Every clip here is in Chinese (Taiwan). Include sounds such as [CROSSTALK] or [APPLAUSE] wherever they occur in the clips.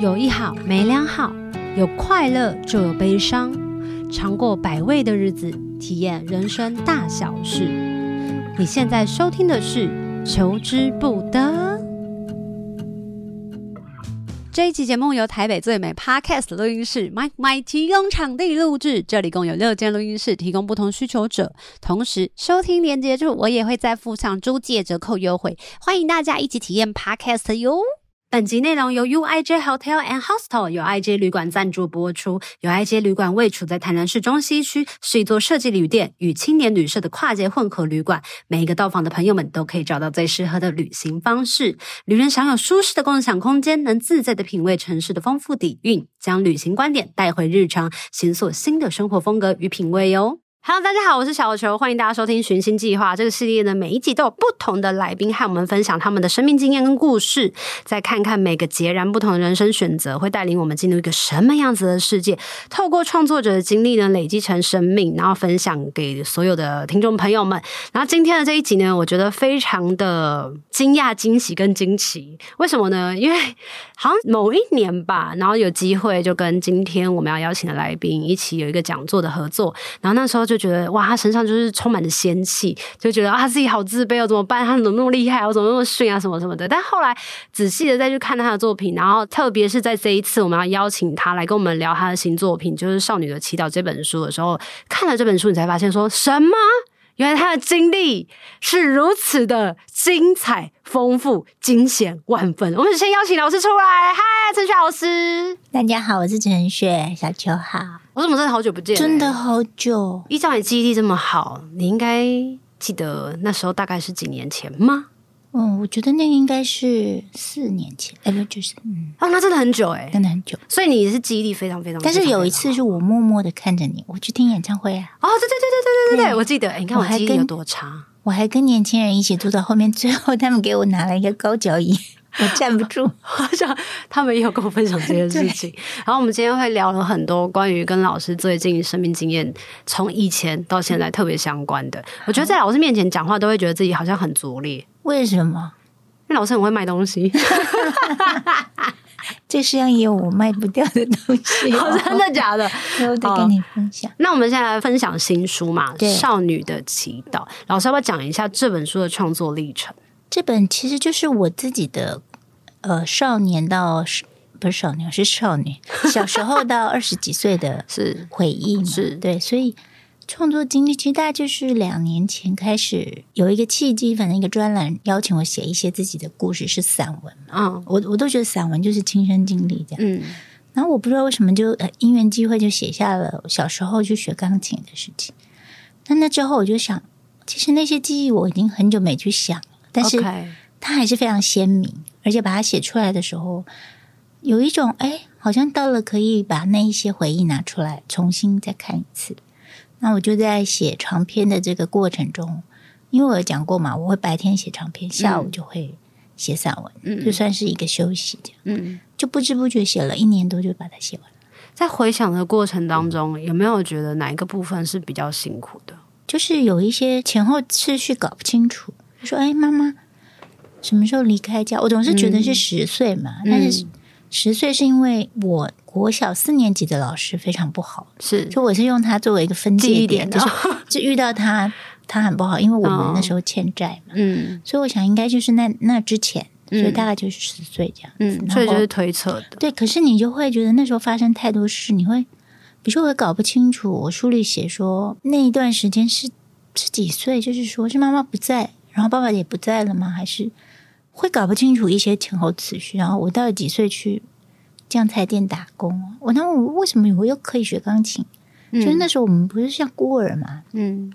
有一好沒兩好，有快樂就有悲傷，嘗過百味的日子，體驗人生大小事。你現在收聽的是《求之不得》這一集節目，由台北最美 Podcast 錄音室 Mike My 提供場地錄製。這裡共有六間錄音室，提供不同需求者。同時，收聽連接處我也會再附上租借折扣優惠，歡迎大家一起體驗 Podcast 喲。本集內容由 UIJ Hotel and Hostel 友愛街旅館贊助播出。友愛街旅館位處在台南市中西區，是一座設計旅店與青年旅社的跨界混合旅館。每一個到訪的朋友們都可以找到最適合的旅行方式。旅人享有舒適的共享空間，能自在的品味城市的豐富底蘊，將旅行觀點帶回日常，解鎖新的生活風格與品味喲、哦。哈嘍，Hello, 大家好，我是小球，歡迎大家收聽《尋星計劃》這個系列呢，每一集都有不同的來賓和我們分享他們的生命經驗跟故事，再看看每個截然不同的人生選擇會帶領我們進入一個什麼樣子的世界。透過創作者的經歷呢，累積成生命，然後分享給所有的聽眾朋友們。然後今天的這一集呢，我覺得非常的驚訝、驚喜跟驚奇。為什麼呢？因為好像某一年吧，然後有機會就跟今天我們要邀請的來賓一起有一個講座的合作，然後那時候。就覺得哇，他身上就是充滿了仙氣，就覺得啊，他自己好自卑哦，怎麼辦？他怎麼那麼厲害啊？我怎麼那麼遜啊？什麼什麼的？但後來仔細的再去看他的作品，然後特別是在這一次我們要邀請他來跟我們聊他的新作品，就是《少女的祈禱》這本書的時候，看了這本書，你才發現說什麼？原來他的經歷是如此的精彩、豐富、驚險萬分。我們先邀請老師出來。嗨，陳雪老師。大家好，我是陳雪。小球，好。我怎麼真的好久不見、欸？真的好久。依照你記憶力這麼好，你應該記得那時候大概是幾年前嗎？嗯，我覺得那個應該是四年前，那、欸、就是嗯，哦，那真的很久誒、欸、真的很久。所以你是記憶力非常非常，但是有一次是我默默的看着你，我去聽演唱會啊。哦，對對對對對對對、啊，我記得、欸。你看我記憶力有多差。我還跟年輕人一起坐到後面，最後他們給我拿了一個高腳椅， [LAUGHS] 我站不住。我好像他們也有跟我分享這件事情。對然後我們今天會聊了很多關於跟老師最近生命經驗從以前到現在特別相關的。嗯、我覺得在老師面前講話，都會覺得自己好像很拙劣。為什麼？因為老師很會賣東西，這世 [LAUGHS] [LAUGHS] 上也有我賣不掉的東西、哦 [LAUGHS] 好。真的假的？我得給你分享。 [LAUGHS] 那我們現在來分享新書嘛，對《少女的祈禱》。老師要不要講一下這本書的創作歷程？ [LAUGHS] 這本其實就是我自己的，呃，少年到是不是少年是少女，小時候到二十幾歲的，是回憶 [LAUGHS] 是，是，對，所以。創作經歷其實大概就是兩年前開始有一個契機，反正一個專欄邀請我寫一些自己的故事，是散文嘛。啊、嗯，我我都覺得散文就是親身經歷這樣。嗯，然後我不知道為什麼就呃因緣機會就寫下了小時候去學鋼琴的事情。但那之後我就想，其實那些記憶我已經很久沒去想了，但是它還是非常鮮明，而且把它寫出來的時候，有一種哎，好像到了可以把那一些回憶拿出來重新再看一次。那我就在寫長篇的這個過程中，因為我有講過嘛，我會白天寫長篇，下午就會寫散文，嗯，就算是一個休息這樣，嗯，就不知不覺寫了一年多，就把它寫完了。在回想的過程當中，嗯、有沒有覺得哪一個部分是比較辛苦的？就是有一些前後次序搞不清楚，說哎，媽媽什麼時候離開家？我總是覺得是十歲嘛，嗯、但是十歲是因為我。我小四年級的老師非常不好，是，所以我是用他作為一個分界點，就是就遇到他，他很不好，因為我們那時候欠債嘛、哦，嗯，所以我想應該就是那那之前，所以大概就是十歲這樣子，嗯嗯、所以就是推測的。對，可是你就會覺得那時候發生太多事，你會，比如說我搞不清楚，我書裡寫說那一段時間是是幾歲，就是說是媽媽不在，然後爸爸也不在了嗎？還是會搞不清楚一些前後次序，然後我到了幾歲去醬菜店打工，我、哦、那我為什麼我又可以學鋼琴？嗯、就是那時候我們不是像孤兒嘛，嗯，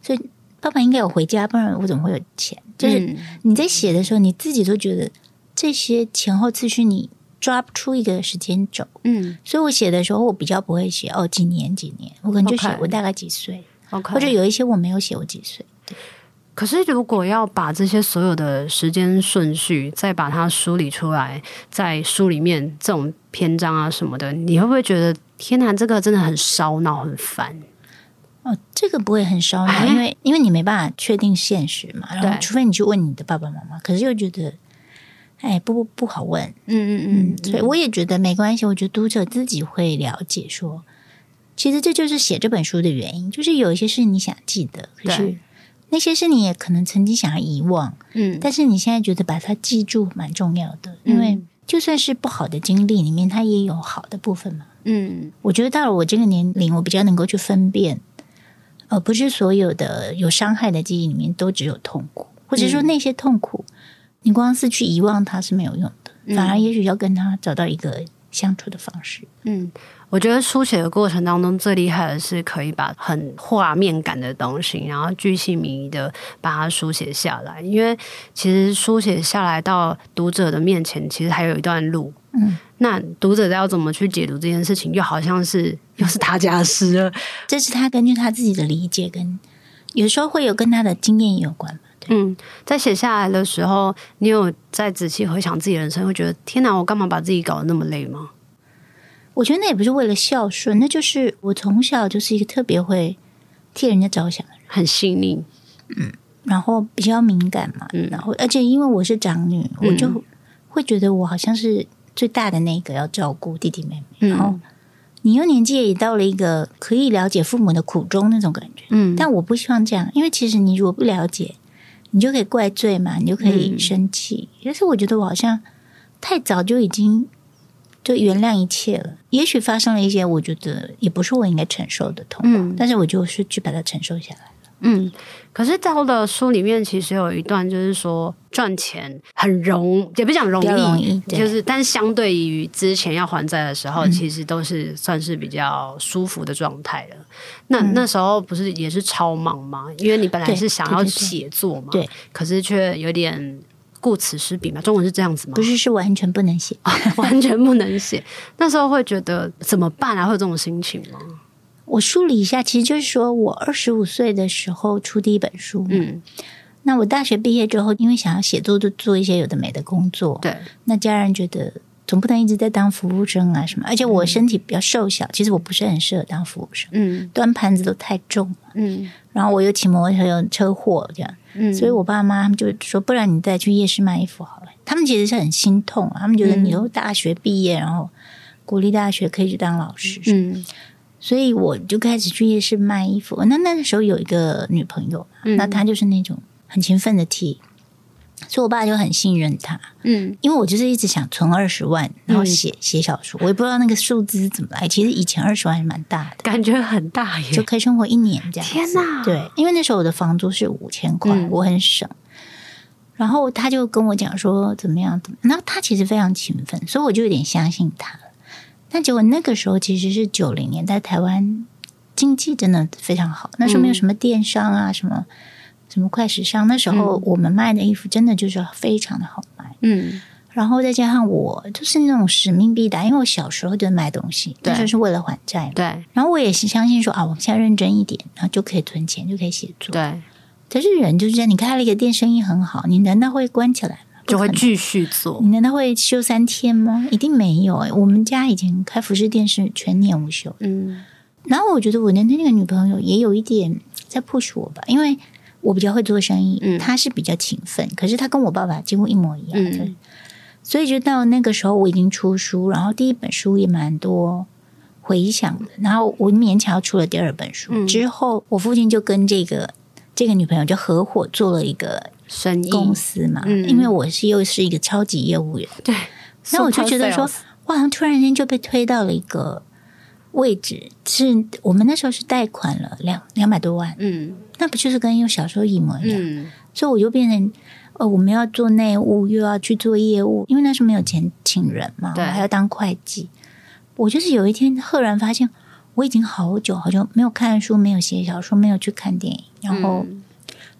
所以爸爸應該有回家，不然我怎麼會有錢？就是你在寫的時候，你自己都覺得這些前後次序你抓不出一個時間軸，嗯，所以我寫的時候我比較不會寫哦，幾年幾年，我可能就寫我大概幾歲，Okay. 或者有一些我沒有寫我幾歲。對可是，如果要把這些所有的時間順序再把它梳理出來，在書裡面這種篇章啊什麼的，你會不會覺得天哪，這個真的很燒腦，很煩？哦，這個不會很燒腦，唉因為因為你沒辦法確定現實嘛，對，除非你去問你的爸爸媽媽。對可是又覺得，哎，不不，不好問。嗯嗯嗯，嗯，所以我也覺得沒關係，我覺得讀者自己會了解說，其實這就是寫這本書的原因，就是有一些事你想記得，可是對。那些是你也可能曾經想要遺忘，嗯，但是你現在覺得把它記住蠻重要的，嗯、因為就算是不好的經歷裡面，它也有好的部分嘛，嗯。我覺得到了我這個年齡，我比較能夠去分辨，呃，不是所有的有傷害的記憶裡面都只有痛苦，或者說那些痛苦，嗯、你光是去遺忘它是沒有用的，嗯、反而也許要跟它找到一個相處的方式，嗯。我覺得書寫的過程當中最厲害的是可以把很畫面感的東西，然後巨細靡遺的把它書寫下來。因為其實書寫下來到讀者的面前，其實還有一段路。嗯，那讀者要怎麼去解讀這件事情，就好像是又是他家詩，這是他根據他自己的理解，跟有時候會有跟他的經驗有關嘛？對。嗯，在寫下來的時候，你有在仔細回想自己人生，會覺得天哪，我幹嘛把自己搞得那麼累嗎？我覺得那也不是為了孝順，那就是我從小就是一個特別會替人家着想的人，很細膩，嗯，然後比較敏感嘛，嗯、然後而且因為我是長女，嗯、我就會覺得我好像是最大的那個，要照顧弟弟妹妹，然後你又年紀也到了一個可以了解父母的苦衷那種感覺，嗯，但我不希望這樣，因為其實你如果不了解，你就可以怪罪嘛，你就可以生氣，但、嗯、是我覺得我好像太早就已經。就原諒一切了。也許發生了一些，我覺得也不是我應該承受的痛。嗯，但是我就是去把它承受下來了。嗯，可是在我的書裡面，其實有一段就是說賺錢很容易，也不講容易，容易就是，但是相對於之前要還債的時候，嗯、其實都是算是比較舒服的狀態了。那、嗯、那時候不是也是超忙嗎？因為你本來是想要寫作嘛，對，對，對，對，對，可是卻有點。顧此失彼嘛，中文是這樣子嗎？不是，是完全不能寫， [LAUGHS] 完全不能寫。那時候會覺得怎麼辦啊？會有這種心情嗎？我梳理一下，其實就是說我二十五歲的時候出第一本書，嗯，那我大學畢業之後，因為想要寫作，就做一些有的沒的工作，對、嗯。那家人覺得總不能一直在當服務生啊什麼，而且我身體比較瘦小，其實我不是很適合當服務生，嗯，端盤子都太重了，嗯。然後我又騎摩托車車禍這樣。所以，我爸媽他們就說：“不然你再去夜市賣衣服好了。”他們其實是很心痛，他們覺得你都大學畢業，嗯、然後國立大學可以去當老師，嗯，所以我就開始去夜市賣衣服。那那個時候有一個女朋友，嗯、那她就是那種很勤奮的替。所以，我爸就很信任他。嗯，因為我就是一直想存二十萬，然後寫、嗯、寫小說。我也不知道那個數字是怎麼來。其實以前二十萬還是蠻大的，感覺很大耶，就可以生活一年這樣。天哪！對，因為那時候我的房租是五千塊，嗯、我很省。然後他就跟我講說怎麼樣，怎麼。然後他其實非常勤奮，所以我就有點相信他了。但結果那個時候其實是九零年代，台灣經濟真的非常好。那時候沒有什麼電商啊，嗯、什麼。什麼快時尚？那時候我們賣的衣服真的就是非常的好賣。嗯，然後再加上我就是那種使命必達，因為我小時候就賣東西，那對就是為了還債嘛。對，然後我也是相信說啊，我們現在認真一點，然後就可以存錢，就可以寫作。對，可是人就是這樣你開了一個店，生意很好，你難道會關起來嗎？就會繼續做。你難道會休三天嗎？一定沒有。我們家以前開服飾店是全年無休。嗯，然後我覺得我那天那個女朋友也有一點在 push 我吧，因為。我比較會做生意，他是比較勤奮，嗯、可是他跟我爸爸幾乎一模一樣，嗯、所以就到那個時候，我已經出書，然後第一本書也蠻多迴響的，然後我勉強出了第二本書，嗯、之後，我父親就跟這個這個女朋友就合夥做了一個生意公司嘛，嗯，因為我是又是一個超級業務員，對，那我就覺得說，哇，突然間就被推到了一個。位置是我們那時候是貸款了兩兩百多萬，嗯，那不就是跟幼小時候一模一樣？嗯、所以我就變成呃，我們要做內務，又要去做業務，因為那時候沒有錢請人嘛，我還要當會計。對我就是有一天赫然發現，我已經好久好久沒有看書，沒有寫小說，沒有去看電影。然後、嗯、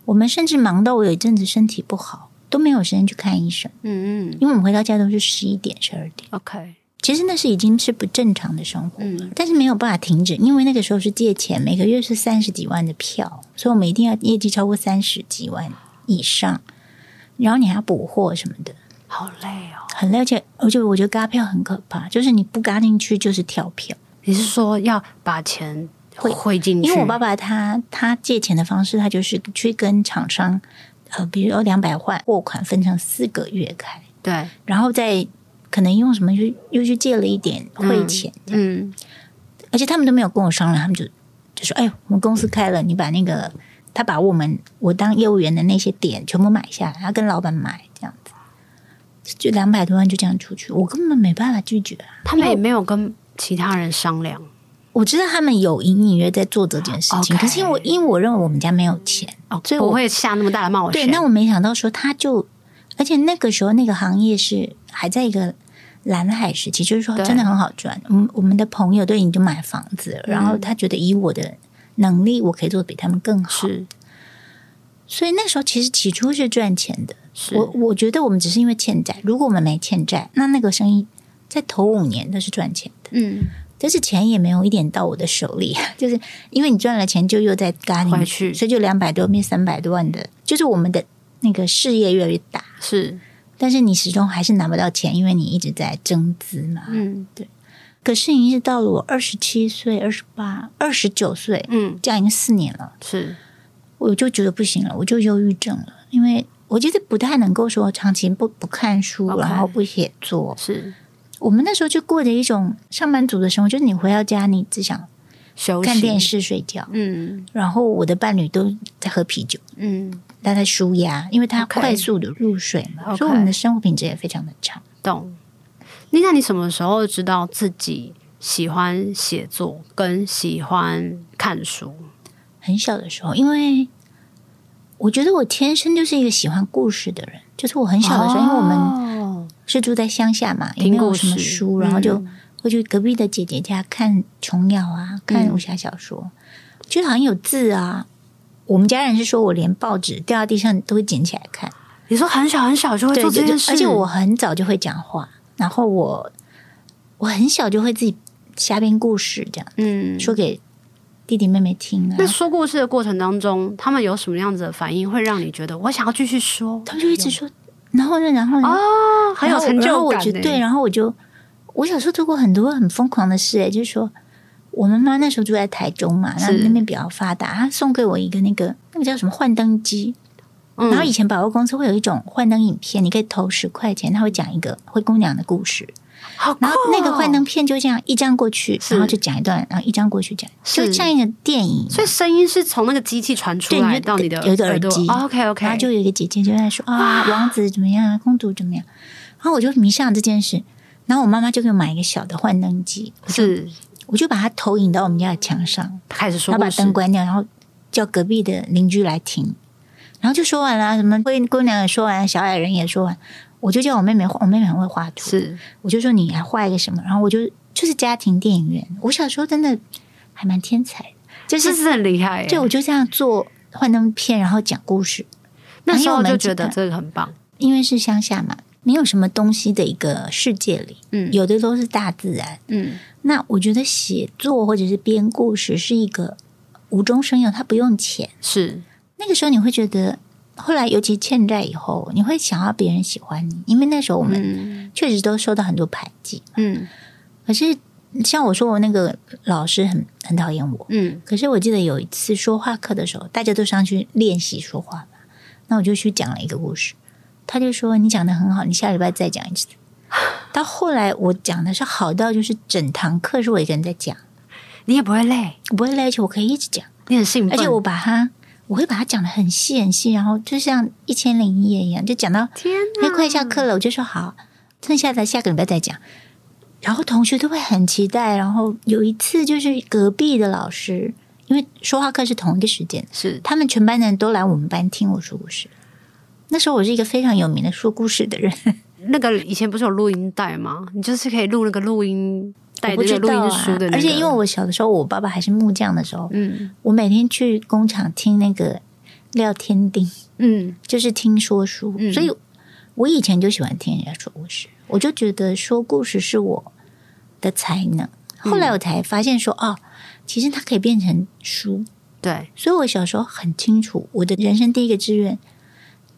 我們甚至忙到我有一陣子身體不好，都沒有時間去看醫生。嗯嗯，因為我們回到家都是十一點十二點。點 OK。其實那是已經是不正常的生活，嗯、但是沒有辦法停止，因為那個時候是借錢，每個月是三十幾萬的票，所以我們一定要業績超過三十幾萬以上，然後你還要補貨什麼的，好累哦，很累，而且而且我覺得軋票很可怕，就是你不軋進去就是跳票。你是說要把錢匯進去？因為我爸爸他他借錢的方式，他就是去跟廠商，呃，比如說兩百萬貨款分成四個月開，對，然後再。可能用什麼去又去借了一點匯錢，嗯，這樣，嗯，而且他們都沒有跟我商量，他們就就說：“哎呦，我們公司開了，你把那個他把我們我當業務員的那些點全部買下來，他跟老闆買這樣子，就兩百多萬就這樣出去，我根本沒辦法拒絕啊。”他們也沒有跟其他人商量。我知道他們有隱隱約約在做這件事情，Okay. 可是因為因為我認為我們家沒有錢哦，Okay. 所以我不會下那麼大的冒險。對，那我沒想到說他就，而且那個時候那個行業是還在一個。藍海時期就是說，真的很好賺。們對我們的朋友都已經買房子了，嗯、然後他覺得以我的能力，我可以做的比他們更好。是，所以那時候其實起初是賺錢的。是，我我覺得我們只是因為欠債。如果我們沒欠債，那那個生意在頭五年都是賺錢的。嗯，但是錢也沒有一點到我的手裡，就是因為你賺了錢就又在加進去，所以就兩百多變三百多萬的，就是我們的那個事業越來越大。是。但是你始終還是拿不到錢，因為你一直在增資嘛。嗯，對。可是你一直到了我二十七歲、二十八、二十九歲，嗯，這樣已經四年了。是，我就覺得不行了，我就憂鬱症了，因為我覺得不太能夠說長期不不看書，okay, 然後不寫作。是我們那時候就過着一種上班族的生活，就是你回到家，你只想看電視、休息，睡覺。嗯，然後我的伴侶都在喝啤酒。嗯。他在舒壓，因為他快速的入睡嘛，Okay. 所以我們的生活品質也非常的長。懂、okay. 嗯？那你，你什麼時候知道自己喜歡寫作跟喜歡看書？很小的時候，因為我覺得我天生就是一個喜歡故事的人，就是我很小的時候，哦、因為我們是住在鄉下嘛，故事也沒有什麼書，然後就會去、嗯、隔壁的姐姐家看瓊瑤啊，看武俠小說，其實、嗯、好像有字啊。我們家人是說，我連報紙掉到地上都會撿起來看。你說很小很小就會做這件事，就就而且我很早就會講話，然後我我很小就會自己瞎編故事，這樣，嗯，說給弟弟妹妹聽。那說故事的過程當中，他們有什麼樣子的反應，會讓你覺得我想要繼續說？他們就一直說，然後呢，然後呢，啊、哦，很有成就感就。對，然後我就，我小時候做過很多很瘋狂的事、欸，就是說。我媽媽那時候住在台中嘛，然後那邊比較發達，她送給我一個那個那個叫什麼幻燈機。然後以前百貨公司會有一種幻燈影片，你可以投十塊錢，她會講一個灰姑娘的故事。然後那個幻燈片就這樣一張過去，然後就講一段，然後一張過去講，就像一個電影。所以聲音是從那個機器傳出來到你的有一個耳機。OK OK，然後就有一個姐姐就在說啊，王子怎麼樣，公主怎麼樣。然後我就迷上這件事，然後我媽媽就給我買一個小的幻燈機。是。我就把它投影到我們家的牆上，開始說，他把燈關掉，然後叫隔壁的鄰居來聽，然後就說完了，什麼灰姑娘也說完，小矮人也說完，我就叫我妹妹，我妹妹很會畫圖，是，我就說你還畫一個什麼，然後我就就是家庭電影院。我小時候真的還蠻天才的，就是是很厲害，就我就這樣做，幻燈片，然後講故事，那時候我就覺得這個很棒，因為是鄉下嘛，沒有什麼東西的一個世界裡，嗯，有的都是大自然，嗯。那我覺得寫作或者是編故事是一個無中生有，它不用錢。是那個時候你會覺得，後來尤其欠債以後，你會想要別人喜歡你，因為那時候我們確實都受到很多排擠，嗯。可是像我說，我那個老師很很討厭我，嗯。可是我記得有一次說話課的時候，大家都上去練習說話嘛，那我就去講了一個故事。他就說：“你講的很好，你下個禮拜再講一次。”到後來我講的是好到就是整堂課是我一個人在講，你也不會累，我不會累，而且我可以一直講，你很幸運。而且我把它，我會把它講的很細很細，然後就像一千零一夜一樣，就講到天哪，因為快下課了，我就說好，剩下的下個禮拜再講。然後同學都會很期待。然後有一次就是隔壁的老師，因為說話課是同一個時間，是的他們全班的人都來我們班聽我說故事。那時候我是一個非常有名的說故事的人。那個以前不是有錄音帶嗎？你就是可以錄那個錄音帶的錄音書的、那個啊。而且因為我小的時候，我爸爸還是木匠的時候，嗯，我每天去工廠聽那個廖添丁，嗯，就是聽說書，嗯、所以我以前就喜歡聽人家說故事。我就覺得說故事是我的才能。後來我才發現說，哦，其實它可以變成書。對，所以我小時候很清楚我的人生第一個志願。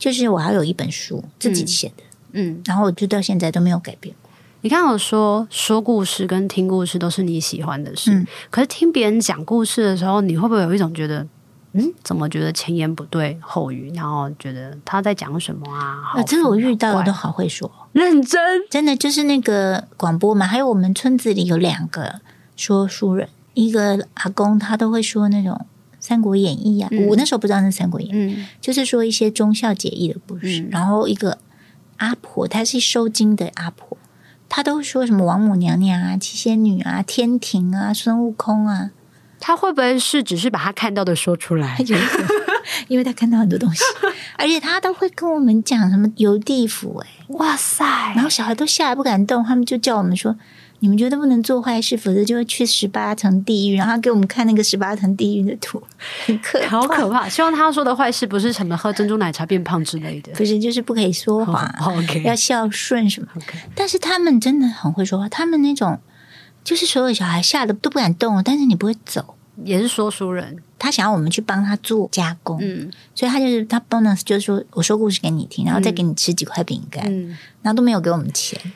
就是我還有一本書自己寫的，嗯，嗯，然後我就到現在都沒有改變過。你看我說，說故事跟聽故事都是你喜歡的事，嗯，可是聽別人講故事的時候，你會不會有一種覺得，嗯，怎麼覺得前言不對後語？然後覺得他在講什麼啊？啊，這是我遇到的，都好會說，認真真的就是那個廣播嘛，還有我們村子裡有兩個說書人，一個阿公他都會說那種。《三國演義》啊，嗯、我那時候不知道是《三國演義》，嗯，就是說一些忠孝節義的故事。嗯、然後一個阿婆，她是收驚的阿婆，她都說什麼王母娘娘啊、七仙女啊、天庭啊、孫悟空啊。她會不會是只是把她看到的說出來？ [LAUGHS] 因為她看到很多東西，而且她都會跟我們講什麼遊地府哎、欸，哇塞！然後小孩都嚇得不敢動，他們就叫我們說。你們覺得不能做壞事，否則就會去十八層地獄。然後給我們看那個十八層地獄的圖，很可好，好可怕。希望他說的壞事不是什麼喝珍珠奶茶變胖之類的。不是，就是不可以說謊，OK，要孝順什麼。OK，但是他們真的很會說話。他們那種就是所有小孩嚇得都不敢動，但是你不會走，也是說書人。他想要我們去幫他做加工，嗯，所以他就是他 bonus 就是說我說故事給你聽，然後再給你吃幾塊餅乾，嗯，然後都沒有給我們錢。 [LAUGHS]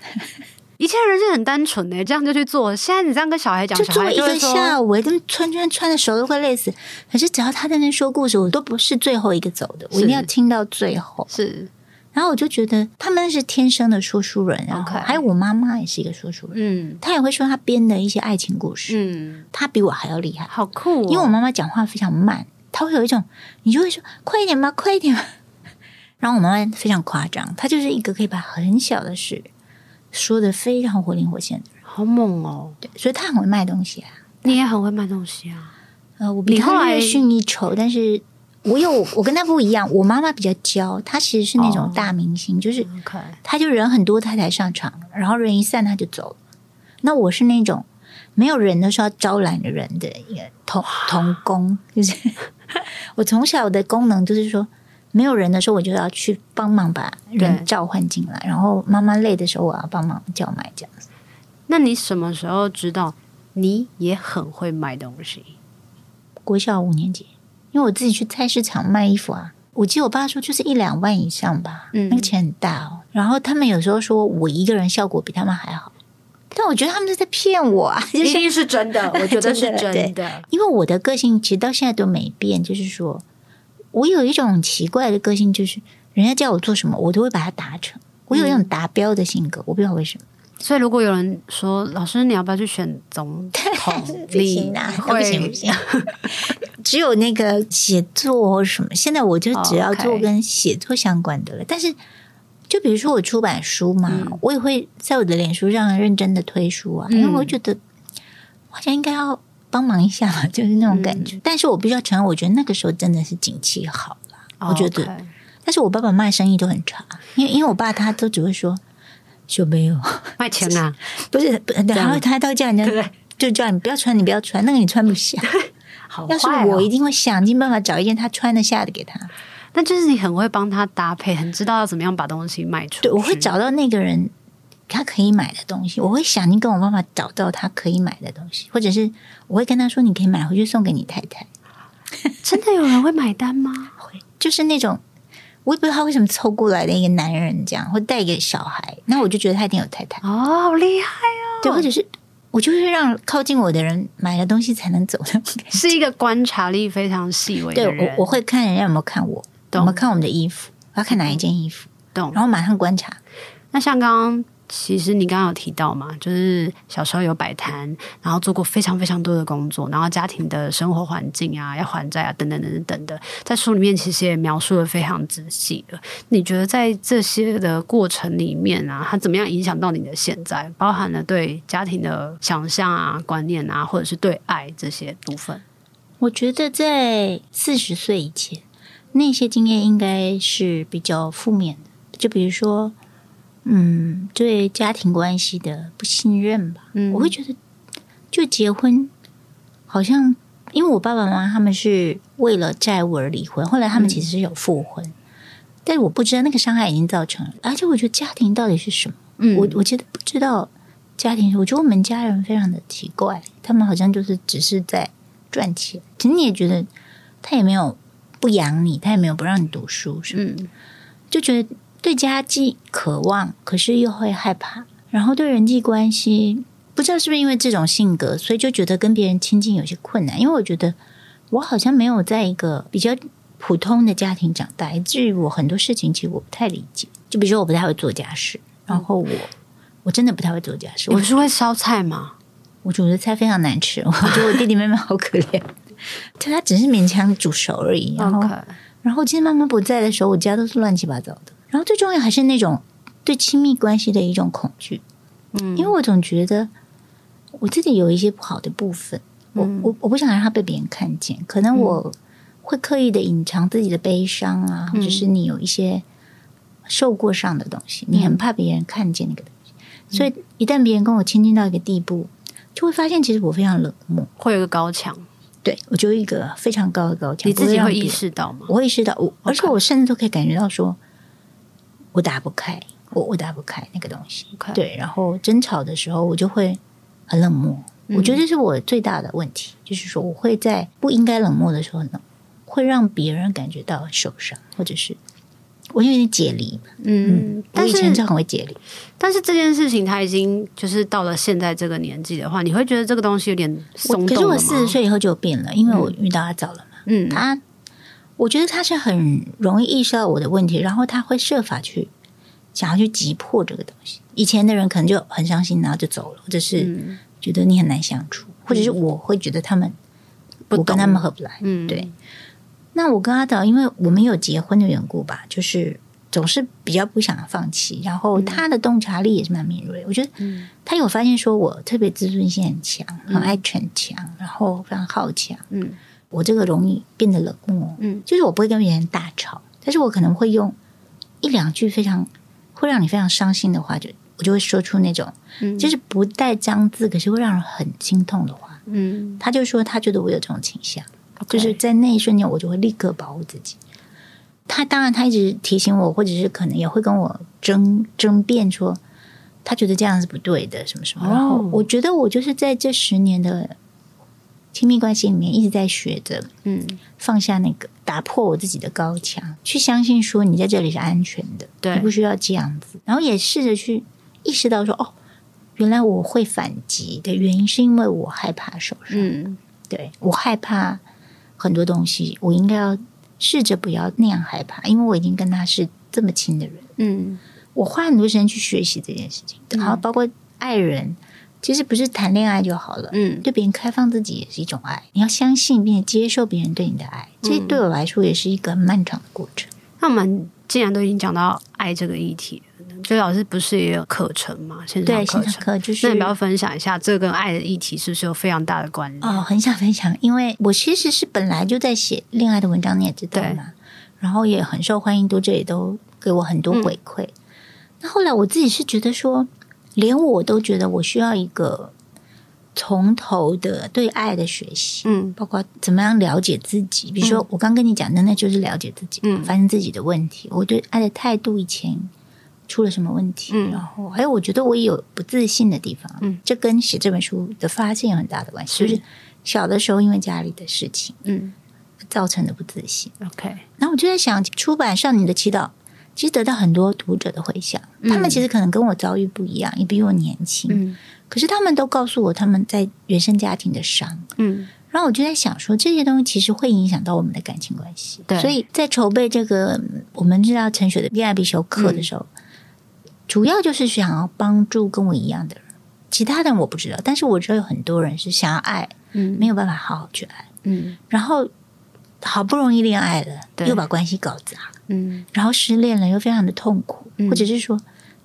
一切人是很單純的，這樣就去做。現在你這樣跟小孩講，就做一個下午欸，他們穿穿穿的時候都會累死。可是只要他在那邊說故事，我都不是最後一個走的，是我一定要聽到最後。是。然後我就覺得他們是天生的說書人，然後 Okay. 還有我媽媽也是一個說書人，嗯，她也會說她編的一些愛情故事，嗯，她比我還要厲害，好酷哦。因為我媽媽講話非常慢，她會有一種，你就會說：“快一點嘛，快一點嘛。快一點吧”然後我媽媽非常誇張，她就是一個可以把很小的事。說得非常活靈活現的人，好猛哦！對，所以他很會賣東西啊，你也很會賣東西啊。是呃，我比他略遜一籌，會但是我有我跟他不一樣。我媽媽比較嬌，她其實是那種大明星，哦，就是 okay 她就人很多，她才上場，然後人一散，她就走了。那我是那種沒有人的時候招攬的人的一個童哇童工，就是 [LAUGHS] [LAUGHS] 我從小我的功能就是說。沒有人的時候，我就要去幫忙把人召喚進來。對然後媽媽累的時候，我要幫忙叫賣這樣子。那你什麼時候知道你也很會賣東西？國小五年級，因為我自己去菜市場賣衣服啊。我記得我爸說就是一兩萬以上吧，嗯，那個錢很大哦。然後他們有時候說我一個人效果比他們還好，但我覺得他們是在騙我啊。一定是真的， [LAUGHS] 真的我覺得是真的。因為我的個性其實到現在都沒變，就是說。我有一種奇怪的個性，就是人家叫我做什麼，我都會把它達成。我有一種達標的性格，嗯、我不知道為什麼。所以如果有人說老師，你要不要去選總統立會？不行，不行， [LAUGHS] 只有那個寫作或什麼。現在我就只要做跟寫作相關的了。Okay. 但是，就比如說我出版書嘛，嗯、我也會在我的臉書上認真的推書啊，嗯、因為我覺得，好像應該要。幫忙一下嘛，就是那種感覺。嗯、但是我必須要承認，我覺得那個時候真的是景氣好了，哦、我覺得。哦 okay、但是我爸爸賣生意都很差，因為因為我爸他都只會說就沒有賣錢啊，不是，然後的他還到叫人家，對對就叫你不要穿，你不要穿，那個你穿不下。 [LAUGHS] 哦、要是我一定會想盡辦法找一件他穿得下的給他。那就是你很會幫他搭配，很知道要怎麼樣把東西賣出去。對，我會找到那個人。他可以買的東西，我會想盡各種辦法找到他可以買的東西，或者是我會跟他說，你可以買回去送給你太太。真的有人會買單嗎？會， [LAUGHS] 就是那種我也不知道他為什麼湊過來的一個男人，這樣或帶一個小孩。那我就覺得他一定有太太哦，好厲害哦。對，或者是我就是讓靠近我的人買了東西才能走。是一個觀察力非常細微的。 [LAUGHS] 對我，我會看人家有沒有看我，懂。有沒有看我們的衣服，我要看哪一件衣服，懂？然後馬上觀察。那像剛剛。其實你剛剛有提到嘛，就是小時候有擺攤，然後做過非常非常多的工作，然後家庭的生活環境啊，要還債啊，等等等等等的，在書裡面其實也描述得非常仔細了，你覺得在這些的過程裡面啊，它怎麼樣影響到你的現在？包含了對家庭的想象啊、觀念啊，或者是對愛這些部分。我覺得在四十歲以前，那些經驗應該是比較負面的，就比如說。嗯，對家庭關係的不信任吧。嗯，我會覺得，就結婚好像，因為我爸爸媽媽他們是為了債務而離婚，後來他們其實是有復婚，嗯、但是我不知道那個傷害已經造成了。而且我覺得家庭到底是什麼？嗯，我我覺得不知道家庭。我覺得我們家人非常的奇怪，他們好像就是只是在賺錢。其實你也覺得，他也沒有不養你，他也沒有不讓你讀書，什麼的，嗯、就覺得。對家既渴望，可是又會害怕，然後對人際關係，不知道是不是因為這種性格，所以就覺得跟別人親近有些困難。因為我覺得我好像沒有在一個比較普通的家庭長大，以至於我很多事情其實我不太理解。就比如說我不太會做家事，然後我、嗯、我真的不太會做家事。嗯、我是會燒菜嗎？我煮的菜非常難吃，我覺得我弟弟妹妹好可憐， [LAUGHS] 就他只是勉強煮熟而已。然後 Okay. 然後其實媽媽不在的時候，我家都是亂七八糟的。然後最重要還是那種對親密關係的一種恐懼，嗯，因為我總覺得我自己有一些不好的部分，嗯、我我我不想讓他被別人看見，嗯、可能我會刻意的隱藏自己的悲傷啊，或者，嗯、是你有一些受過傷的東西，嗯、你很怕別人看見那個東西，嗯、所以一旦別人跟我親近到一個地步，就會發現其實我非常冷漠，會有一個高牆，對，我就一個非常高的高牆，你自己會意識到嗎？我意識到，我 Okay. 而且我甚至都可以感覺到說。我打不開，我我打不開那個東西。開對，然後爭吵的時候，我就會很冷漠。嗯、我覺得這是我最大的問題，就是說我會在不應該冷漠的時候呢，會讓別人感覺到受傷，或者是我有點解離。嗯，嗯但是，我以前是很會解離，但是這件事情他已經就是到了現在這個年紀的話，你會覺得這個東西有點鬆動。可是我四十歲以後就變了，因為我遇到他早了嘛。嗯，他、嗯。我覺得他是很容易意識到我的問題，然後他會設法去想要去擊破這個東西。以前的人可能就很傷心，然後就走了，或、就、者是覺得你很難相處，嗯、或者是我會覺得他們我跟他們合不來。不嗯，對。那我跟阿導，因為我們有結婚的緣故吧，就是總是比較不想放棄。然後他的洞察力也是蠻敏銳，嗯、我覺得，他有發現說我特別自尊心很強，嗯、很愛逞強，然後非常好強，嗯。我這個容易變得冷漠，哦，嗯，就是我不會跟別人大吵，但是我可能會用一兩句非常會讓你非常傷心的話，就我就會說出那種，嗯、就是不帶髒字，可是會讓人很心痛的話。嗯，他就說他覺得我有這種傾向，嗯、就是在那一瞬間我就會立刻保護自己。Okay. 他當然他一直提醒我，或者是可能也會跟我爭爭辯說，他覺得這樣是不對的，什麼什麼。哦、然後我覺得我就是在這十年的。親密關係裡面一直在學着，嗯，放下那個，打破我自己的高牆，嗯、去相信說你在這裡是安全的，對，你不需要這樣子。然後也試着去意識到說，哦，原來我會反擊的原因是因為我害怕受傷，嗯、對，我害怕很多東西，我應該要試着不要那樣害怕，因為我已經跟他是這麼親的人，嗯，我花很多時間去學習這件事情，嗯、然後包括愛人。其實不是談戀愛就好了，嗯，對別人開放自己也是一種愛。你要相信並且接受別人對你的愛，這對我來說也是一個漫長的過程。嗯、那我們既然都已經講到愛這個議題，所以老師不是也有課程嗎？線上課程，課就是、那你不要分享一下，嗯、這跟愛的議題是不是有非常大的關聯？哦，很想分享，因為我其實是本來就在寫戀愛的文章，你也知道嘛，對然後也很受歡迎，讀者也都給我很多回饋。那、嗯、後來我自己是覺得說。連我都覺得我需要一個從頭的對愛的學習，嗯，包括怎麼樣了解自己。嗯、比如說我剛跟你講的，那就是了解自己，嗯，發現自己的問題。我對愛的態度以前出了什麼問題，嗯、然後還有我覺得我也有不自信的地方，嗯，這跟寫這本書的發現有很大的關係，嗯、就是小的時候因為家裡的事情，嗯，造成的不自信。嗯、OK，那我就在想，出版《少女的祈禱》。其實得到很多讀者的回響，他們其實可能跟我遭遇不一樣，嗯、也比我年輕，嗯、可是他們都告訴我他們在原生家庭的傷，嗯，然後我就在想說這些東西其實會影響到我們的感情關係，對，所以在籌備這個我們知道陳雪的戀愛必修課的時候，嗯、主要就是想要幫助跟我一樣的人，其他人我不知道，但是我知道有很多人是想要愛，嗯，沒有辦法好好去愛，嗯，然後好不容易戀愛了，對又把關係搞砸。嗯，然後失戀了又非常的痛苦，嗯、或者是說，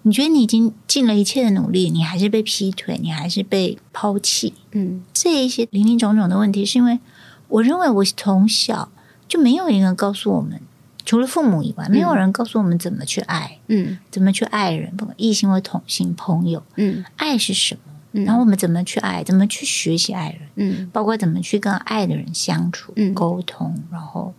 你覺得你已經盡了一切的努力，你還是被劈腿，你還是被拋棄，嗯，這一些林林總總的問題，是因為我認為我從小就沒有一個人告訴我們，除了父母以外，嗯、沒有人告訴我們怎麼去愛，嗯，怎麼去愛人，不管異性或同性朋友，嗯，愛是什麼，嗯、然後我們怎麼去愛，怎麼去學習愛人，嗯，包括怎麼去跟愛的人相處、嗯、溝通，然後。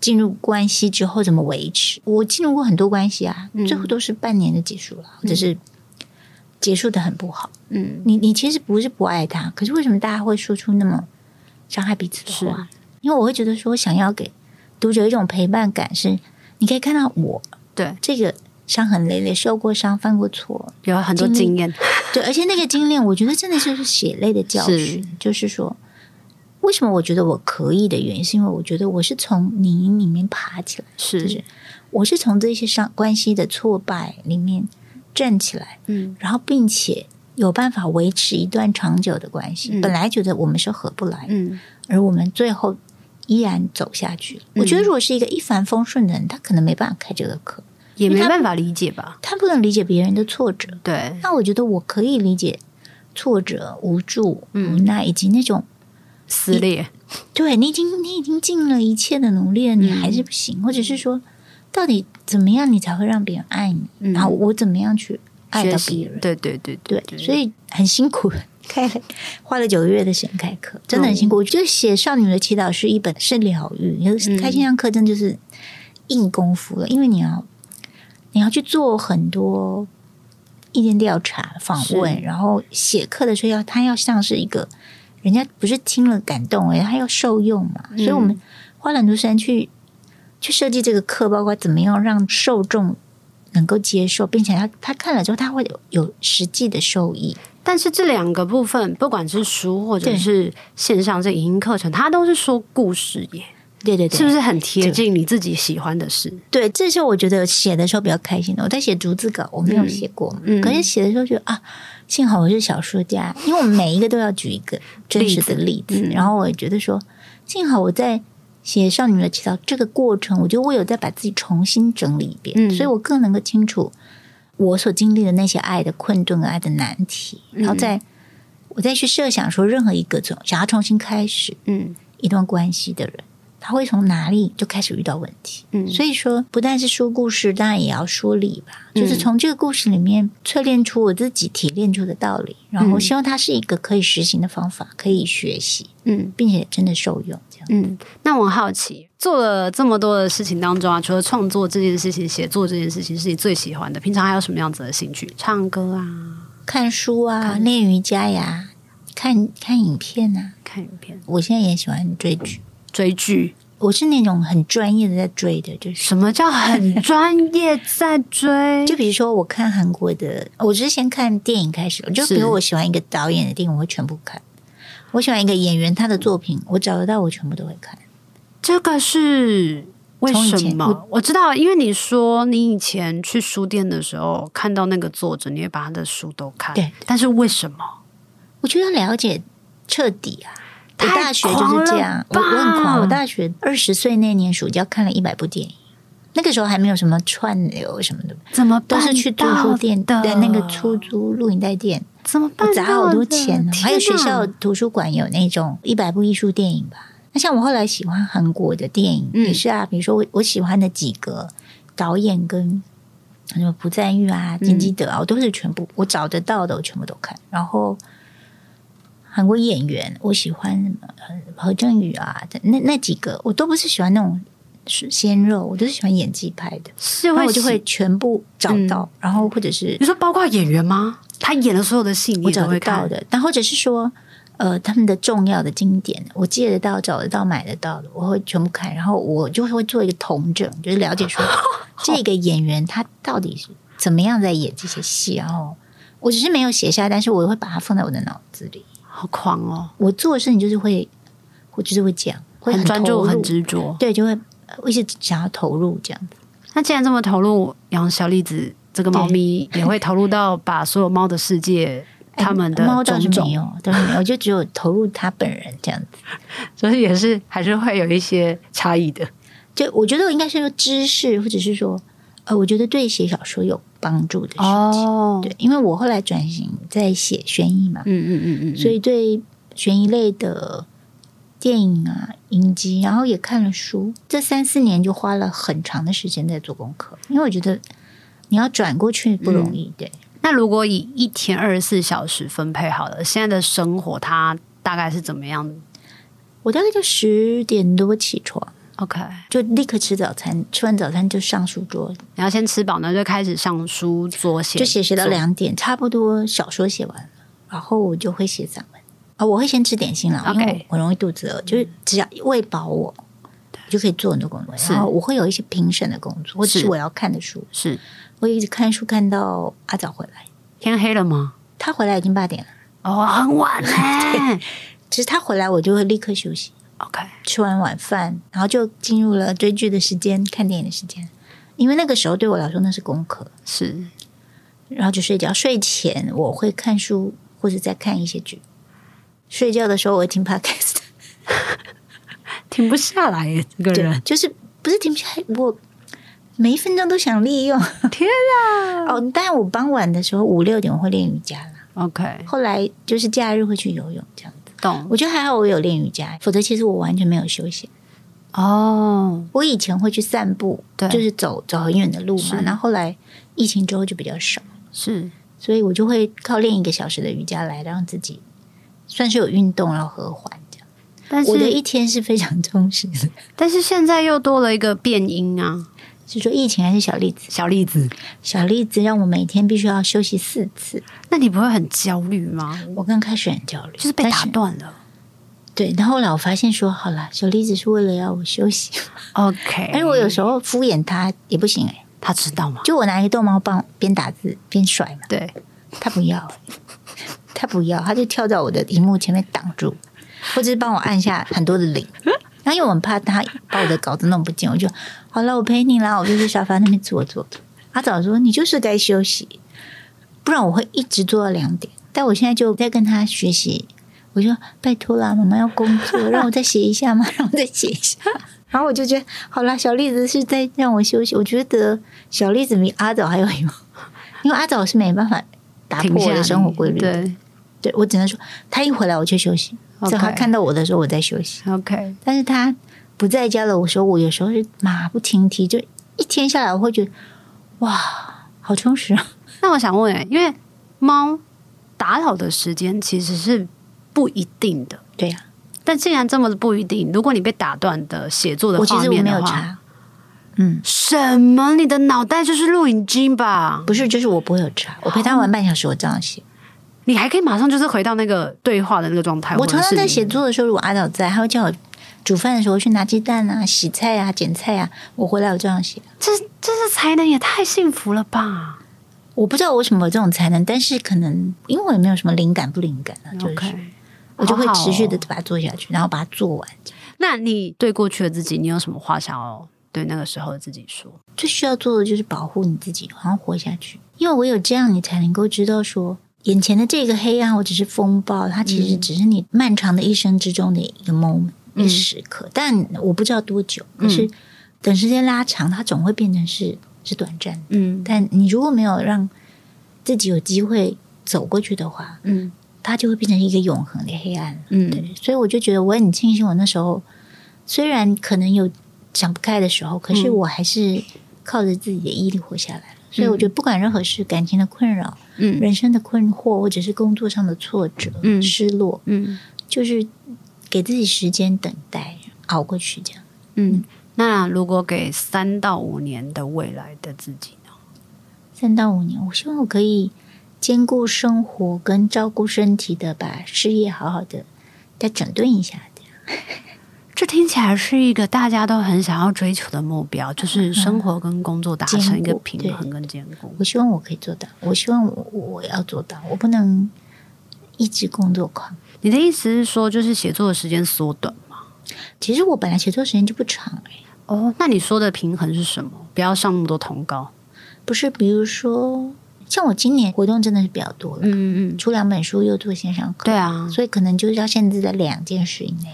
進入關係之後怎麼維持？我進入過很多關係啊，最後都是半年的結束了，嗯、或者是結束得很不好。嗯，你你其實不是不愛他，可是為什麼大家會說出那麼傷害彼此的話？啊、因為我會覺得說，想要給讀者一種陪伴感是，是你可以看到我對這個傷痕累累、受過傷、犯過錯，有很多經驗，經驗。對，而且那個經驗，我覺得真的就是血淚的教訓， [LAUGHS] 是就是說。為什麼我覺得我可以的原因，是因為我覺得我是從泥裡面爬起來，是是我是從這些上關係的挫敗裡面站起來，嗯，然後並且有辦法維持一段長久的關係。嗯、本來覺得我們是合不來，嗯，而我們最後依然走下去。嗯、我覺得如果是一個一帆風順的人，他可能沒辦法開這個課，也沒辦法理解吧？他，他不能理解別人的挫折，對。那我覺得我可以理解挫折、無助、嗯、無奈以及那種。撕裂，對，你已經你已經盡了一切的努力了，你還是不行，嗯、或者是說，嗯、到底怎麼樣你才會讓別人愛你？嗯、然後我怎麼樣去愛到別人？對對對對，對，對，所以很辛苦。開了花了九個月的時間開課，嗯、真的很辛苦。我覺得寫少女的祈禱是一本是療癒，就、嗯、開心上課真的就是硬功夫了，因為你要你要去做很多意見調查、訪問，是然後寫課的時候要它要像是一個。人家不是聽了感動，哎，他要受用嘛，嗯、所以我們花了很多時間去去設計這個課，包括怎麼樣讓受眾能夠接受，並且他他看了之後，他會有有實際的受益。但是這兩個部分，不管是書或者是線上的影音課程，他、啊、都是說故事耶，對，對對，是不是很貼近你自己喜歡的事？對，這是我覺得寫的時候比較開心的，我在寫逐字稿，我沒有寫過，嗯、可是寫的時候覺得啊。幸好我是小說家，因為我們每一個都要舉一個真實的例子。例子嗯、然後我也覺得說，幸好我在寫《少女的祈禱》這個過程，我覺得我有在把自己重新整理一遍，嗯、所以我更能夠清楚我所經歷的那些愛的困頓和愛的難題。嗯、然後再我再去設想說，任何一個想要重新開始嗯一段關係的人。嗯他會從哪裡就開始遇到問題？嗯，所以說不但是說故事，當然也要說理吧。嗯、就是從這個故事裡面淬煉出我自己提煉出的道理，然後希望它是一個可以實行的方法，可以學習，嗯，並且真的受用。這樣，嗯。那我好奇，做了這麼多的事情當中啊，除了創作這件事情、寫作這件事情是你最喜歡的，平常還有什麼樣子的興趣？唱歌啊，看書啊，練瑜伽呀，看看影片吶，看影片啊。影片，我現在也喜歡追劇。追劇，我是那種很專業的在追的，就是什麼叫很專業在追？ [LAUGHS] 就比如說我看韓國的，我之前看電影開始，是就比如我喜歡一個導演的電影，我會全部看；我喜歡一個演員，他的作品我找得到，我全部都會看。這個是為什麼？我，我知道，因為你說你以前去書店的時候看到那個作者，你會把他的書都看，對，對，對。但是為什麼？我覺得了解徹底啊。我大學就是這樣，哦、棒我我很狂。我大學二十歲那年暑假看了一百部電影，那個時候還沒有什麼串流什麼的，怎麼辦？都是去租書店的那個出租錄影帶店，怎麼辦？我砸好多錢呢。哪還有學校圖書館有那種一百部藝術電影吧。那像我後來喜歡韓國的電影，嗯、也是啊，比如說我我喜歡的幾個導演跟什麼朴贊郁啊，金基德啊，嗯、我都是全部我找得到的，我全部都看。然後。韓國演員，我喜歡何正宇啊，那那幾個我都不是喜歡那種鮮肉，我都是喜歡演技派的，所以我就會全部找到，然後、嗯、或者是你說包括演員嗎？他演的所有的戲，我找得到的，但或者是說，呃，他們的重要的經典，我借得、得到、找得到、買得到的，我會全部看，然後我就會做一個統整，就是了解說、啊、這個演員他到底是怎麼樣在演這些戲，然後我只是沒有寫下，但是我會把它放在我的腦子裡。好狂哦！我做的事情就是會，我就是會講，會很，很專注，很執着，對，就會我一直想要投入這樣子。那既然這麼投入養小栗子這個貓咪，也會投入到把所有貓的世界，對它們的種種哦，哎、沒有，對，對，我就只有投入它本人這樣子， [LAUGHS] 所以也是還是會有一些差異的。就我覺得我應該是說知識，或者是說，呃，我覺得對寫小說有。幫助的事情，Oh，對，因為我後來轉型在寫懸疑嘛，嗯嗯嗯嗯，嗯嗯，所以對懸疑類的電影啊、影集，然後也看了書，這三四年就花了很長的時間在做功課，因為我覺得你要轉過去不容易。嗯、對，那如果以一天二十四小時分配好了，現在的生活它大概是怎麼樣的？我大概就十點多起床。OK，就立刻吃早餐，吃完早餐就上書桌，然後先吃飽呢，就開始上書桌寫，就寫寫到兩點，差不多小說寫完了，然後我就會寫散文。啊，我會先吃點心啦，因為我容易肚子餓，就是只要餵飽我，就可以做很多工作。然後我會有一些評審的工作，或者是我要看的書。是，我一直看書看到阿早回來，天黑了嗎？他回來已經八點了，哦，很晚了。其實他回來我就會立刻休息。OK，吃完晚飯，然後就進入了追劇的時間、看電影的時間。因為那個時候對我來說那是功課，是。然後就睡覺，睡前我會看書或者再看一些劇。睡覺的時候我會聽 Podcast，停不下來耶，這個人。對，就是不是停不下來，我每一分鐘都想利用。天啊！哦，當然我傍晚的時候五六點我會練瑜伽了。OK，後來就是假日會去游泳這樣。懂，我覺得還好，我有練瑜伽，否則其實我完全沒有休息。哦，我以前會去散步，對，就是走走很遠的路嘛。是然後後來疫情之後就比較少，是，所以我就會靠練一個小時的瑜伽來讓自己算是有運動，然後和緩這樣。但是我的一天是非常充實的，但是現在又多了一個變因啊。是說疫情還是小栗子，小栗子，小栗子讓我每天必須要休息四次。那你不會很焦慮嗎？我剛開始很焦慮，就是被打斷了。對，然後後來我發現說，好了，小栗子是為了要我休息。OK，哎，我有時候敷衍他也不行誒、欸、他知道嗎？就我拿一個逗貓棒邊打字邊甩嘛。對，他不要，他不要，他就跳到我的螢幕前面擋住，或者是幫我按下很多的鈴。然後 [LAUGHS] 因為我很怕他把我的稿子弄不見，我就。好了，我陪你啦，我就去沙發那邊坐坐。阿早說你就是該休息，不然我會一直坐到兩點。但我現在就在跟他學習。我說拜托啦，媽媽要工作，讓我再寫一下嘛。 [LAUGHS] 讓我再寫一下。然後 [LAUGHS] 我就覺得好啦，小栗子是在讓我休息。我覺得小栗子比阿早還要有用，因為阿早是沒辦法打破我的生活規律。對，對，我只能說他一回來我就休息。所以他 Okay. 看到我的時候，我在休息。OK，但是他。不在家了，我說我有時候是馬不停蹄，就一天下來我會覺得哇，好充實啊。那我想問，因為貓打擾的時間其實是不一定的，對呀、啊。但既然這麼不一定，如果你被打斷的寫作的，我其實我沒有差。話嗯，什麼？你的腦袋就是錄影機吧？不是，就是我不會有差。好我陪他玩半小時，我這樣寫，你還可以馬上就是回到那個對話的那個狀態。我常常在寫作的時候，如果阿導在，他會叫我。煮飯的時候去拿雞蛋啊，洗菜啊，剪菜啊。我回來我這樣洗了，這這是才能也太幸福了吧！我不知道為什麼有這種才能，但是可能因為我也沒有什麼靈感不靈感的、啊，Okay. 就是我就會持續的把它做下去，好好哦、然後把它做完。那你對過去的自己，你有什麼話想要對那個時候的自己說？最需要做的就是保護你自己，好好活下去。因為唯有這樣，你才能夠知道說，眼前的這個黑暗或者是風暴，它其實只是你漫長的一生之中的一個 moment。一時刻，嗯、但我不知道多久。嗯、可是，等時間拉長，它總會變成是是短暫的。嗯，但你如果沒有讓自己有機會走過去的話，嗯，它就會變成一個永恆的黑暗。嗯，對，所以我就覺得我很慶幸，我那時候雖然可能有想不開的時候，可是我還是靠着自己的毅力活下來了。嗯、所以我覺得，不管任何事，感情的困擾，嗯、人生的困惑，或者是工作上的挫折，嗯、失落，嗯，就是。給自己時間等待，熬過去這樣。嗯，那如果給三到五年的未來的自己呢？三到五年，我希望我可以兼顧生活跟照顧身體的，把事業好好的再整頓一下。這樣， [LAUGHS] 這聽起來是一個大家都很想要追求的目標，就是生活跟工作達成一個平衡跟兼顧，嗯。我希望我可以做到，我希望我要做到，我不能一直工作狂。你的意思是說，就是寫作的時間縮短嗎？其實我本來寫作時間就不長而已、欸。哦，oh, 那你說的平衡是什麼？不要上那麼多通告？不是，比如說像我今年活動真的是比較多了，嗯嗯，出兩本書又做線上課，對啊，所以可能就是要限制在兩件事以內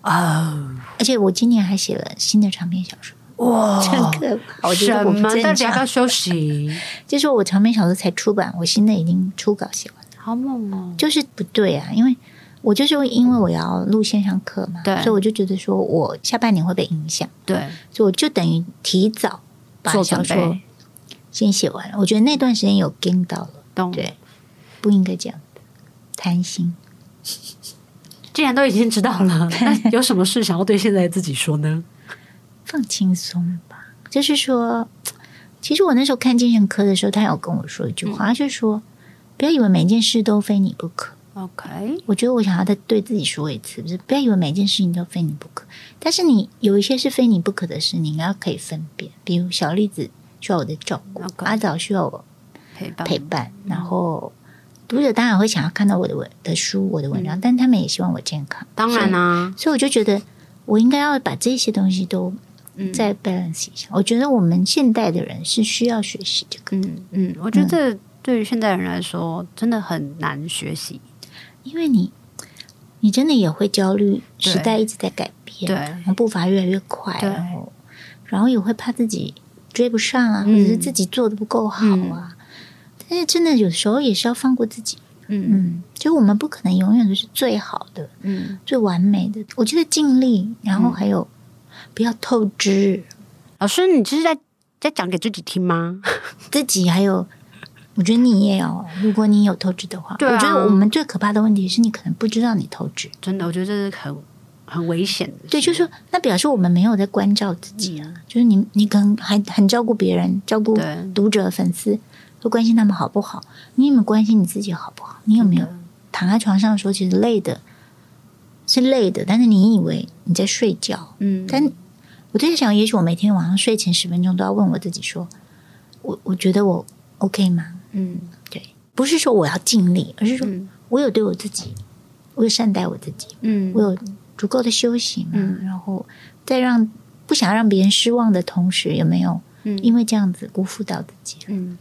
啊。Um, 而且我今年還寫了新的長篇小說哇，可怕、這個！好像我們大家要休息？ [LAUGHS] 就是我長篇小說才出版，我現在已經初稿寫完了，好猛哦！就是不對啊，因為我就是因為我要錄線上課嘛，對所以我就覺得說我下半年會被影響，對，所以我就等於提早把小說先寫完了。我覺得那段時間有 gain 到了，懂對，不應該這樣貪心。既然都已經知道了，那 [LAUGHS] 有什麼事想要對現在自己說呢？ [LAUGHS] 放輕鬆吧，就是說，其實我那時候看精神科的時候，他有跟我說一句話，嗯、就是說，不要以為每件事都非你不可。OK，我覺得我想要再對自己說一次，就是不要以為每件事情都非你不可，但是你有一些是非你不可的事，你應該可以分辨。比如小栗子需要我的照顧，阿 Okay.、啊、早需要我陪伴，陪伴。然後、嗯、讀者當然會想要看到我的文、的書、我的文章，嗯、但他們也希望我健康。當然啦、啊，所以我就覺得我應該要把這些東西都再 balance 一下。嗯、我覺得我們現代的人是需要學習這個。嗯嗯，我覺得這對於現代人來說，真的很難學習。因為你，你真的也會焦慮。時代一直在改變，對，然後步伐越來越快，啊，然後對然後也會怕自己追不上啊，嗯，或者是自己做的不夠好啊。嗯，但是真的有時候也是要放過自己，嗯，嗯，就我們不可能永遠都是最好的，嗯，最完美的。我覺得盡力，然後還有，嗯，不要透支。老師，你這是在在講給自己聽嗎？ [LAUGHS] 自己還有。我覺得你也要，如果你有透支的話。對啊。我覺得我們最可怕的問題是你可能不知道你透支。真的，我覺得這是很很危險的。對，就是說，那表示我們沒有在關照自己啊。Yeah. 就是你，你可能還很照顧別人，照顧讀者、粉絲，都對關心他們好不好？你有沒有關心你自己好不好？你有沒有躺在床上的時候，其實累的，是累的，但是你以為你在睡覺。嗯。但我就在想，也許我每天晚上睡前十分鐘都要問我自己說：“我我覺得我 OK 嗎？”嗯，對，不是說我要盡力，而是說我有對我自己，嗯、我有善待我自己，嗯，我有足夠的休息嘛，嗯、然後在讓不想讓別人失望的同時，有沒有因為這樣子辜負到自己？嗯，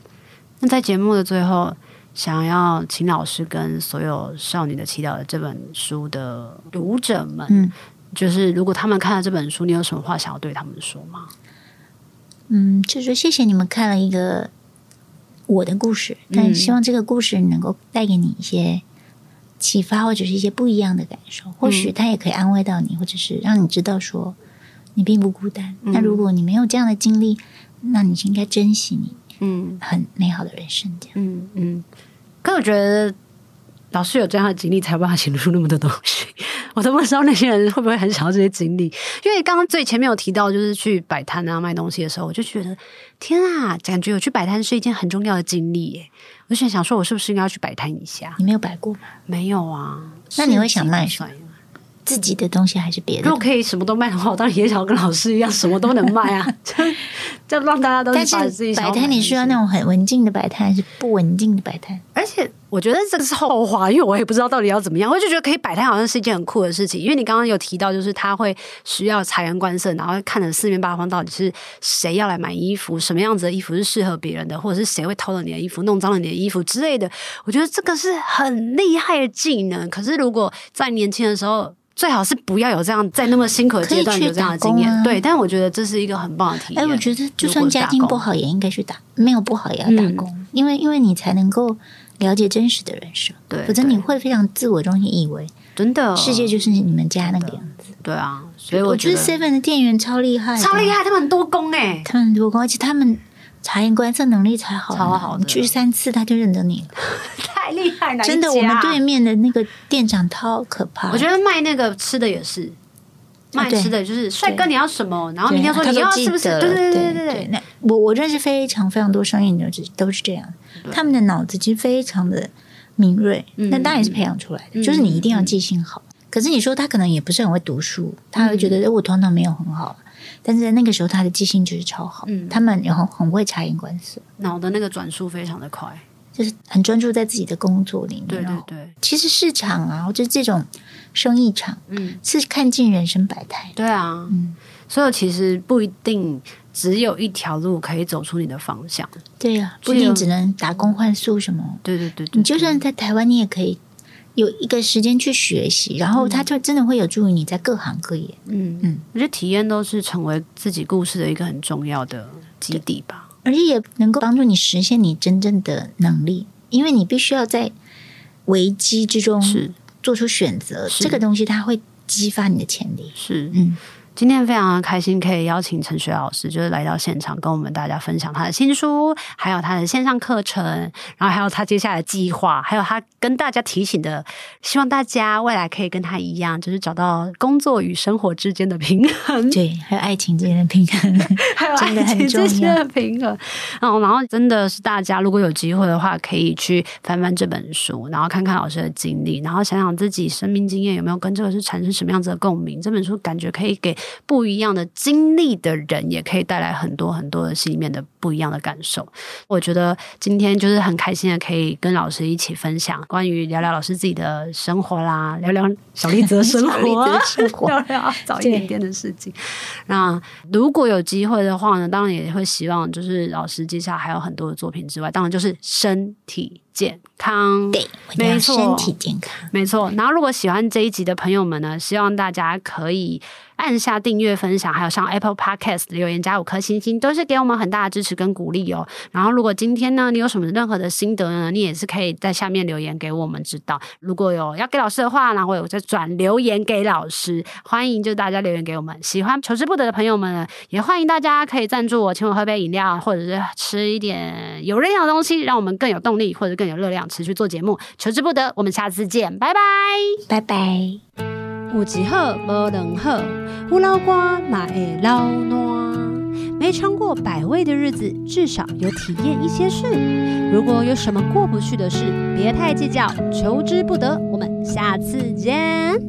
那在節目的最後，想要請老師跟所有《少女的祈禱》的這本書的讀者們，嗯，就是如果他們看了這本書，你有什麼話想要對他們說嗎？嗯，就是謝謝你們看了一個。我的故事，但希望這個故事能夠帶給你一些啟發，或者是一些不一樣的感受。嗯、或許他也可以安慰到你，或者是讓你知道說你並不孤單。那、嗯、如果你沒有這樣的經歷，那你就應該珍惜你嗯很美好的人生這樣。嗯嗯，嗯，可我覺得老師有這樣的經歷，才有辦法寫出那麼多東西。我都不知道那些人會不會很想要這些經歷，因為剛剛最前面有提到，就是去擺攤啊賣東西的時候，我就覺得天啊，感覺我去擺攤是一件很重要的經歷耶！我就想，想說，我是不是應該要去擺攤一下？你沒有擺過嗎？沒有啊，那你會想賣什麼自己的東西還是別的？如果可以什麼都賣的話，我當然也想要跟老師一樣，什麼都能賣啊！ [LAUGHS] 就，就讓大家都是得自己擺攤，你需要那種很文靜的擺攤，還是不文靜的擺攤？而且我覺得這個是後話，因為我也不知道到底要怎麼樣。我就覺得可以擺攤，好像是一件很酷的事情。因為你剛剛有提到，就是他會需要察言觀色，然後看着四面八方，到底是誰要來買衣服，什麼樣子的衣服是適合別人的，或者是誰會偷了你的衣服，弄髒了你的衣服之類的。我覺得這個是很厲害的技能。可是如果在年輕的時候，最好是不要有這樣，在那麼辛苦的階段有這樣的經驗，可以去打啊、對。但我覺得這是一個很棒的體驗。哎，欸、我覺得就算家境不好，也應該去打，打沒有不好也要打工，嗯、因為因為你才能夠了解真實的人生，對，對，對。否則你會非常自我中心，以為真的世界就是你們家那個樣子。對啊，所以我覺得 Seven 的店員超厲害，超厲害，他們很多工哎、欸，他們很多工，而且他們。察言觀色能力才好，超好。你去三次他就認得你，太厲害了！真的，我們對面的那個店長超可怕。我覺得賣那個吃的也是，賣吃的就是帥哥，你要什麼？然後明天說你要是不是？對對對對對。那我我認識非常非常多生意人，都是都是這樣，他們的腦子其實非常的敏銳。那當然是培養出來的，就是你一定要記性好。可是你說他可能也不是很會讀書，他會覺得哎，我頭腦沒有很好。但是在那個時候，他的記性就是超好。嗯，他們然後很，很會察言觀色，腦的那個轉速非常的快，就是很專注在自己的工作裡面。對對對，其實市場啊，我覺得這種生意場，嗯，是看盡人生百態。對啊，嗯，所以其實不一定只有一條路可以走出你的方向。對啊，不一定只能打工換宿什麼，嗯。對對對，對，對，對，你就算在台灣，你也可以。有一個時間去學習，然後它就真的會有助於你在各行各業。嗯嗯，我覺得體驗都是成為自己故事的一個很重要的基地吧，而且也能夠幫助你實現你真正的能力，因為你必須要在危機之中做出選擇，是這個東西它會激發你的潛力。是嗯。今天非常的開心，可以邀請陳雪老師，就是來到現場跟我們大家分享他的新書，還有他的線上課程，然後還有他接下來計劃，還有他跟大家提醒的，希望大家未來可以跟他一樣，就是找到工作與生活之間的平衡，對，還有愛情之間的平衡，對還有愛情之間的平衡。嗯，然後真的是大家如果有機會的話，可以去翻翻這本書，然後看看老師的經歷，然後想想自己生命經驗有沒有跟這個是產生什麼樣子的共鳴。這本書感覺可以給。不一樣的經歷的人，也可以帶來很多很多的心裡面的不一樣的感受。我覺得今天就是很開心的，可以跟老師一起分享關於聊聊老師自己的生活啦，聊聊小栗子生、啊、 [LAUGHS] 生活，聊聊 [LAUGHS] 早一點點的事情。是那如果有機會的話呢，當然也會希望就是老師接下來還有很多的作品之外，當然就是身體，健康，對，沒錯，身體健康，沒錯。對然後，如果喜歡這一集的朋友們呢，希望大家可以按下訂閱、分享，還有上 Apple Podcast 留言加五顆星星，都是給我們很大的支持跟鼓勵哦。然後，如果今天呢，你有什麼任何的心得呢，你也是可以在下面留言給我們知道。如果有要給老師的話，然後有者轉留言給老師，歡迎就大家留言給我們。喜歡求之不得的朋友們，也歡迎大家可以贊助我，請我喝杯飲料，或者是吃一點有任何的東西，讓我們更有動力，或者。更有熱量，持續做節目，求之不得。我們下次見，拜拜，拜拜。有一好，沒兩好，胡老瓜，買誒老糯。沒嚐過百味的日子，至少有體驗一些事。如果有什麼過不去的事，別太計較，求之不得。我們下次見。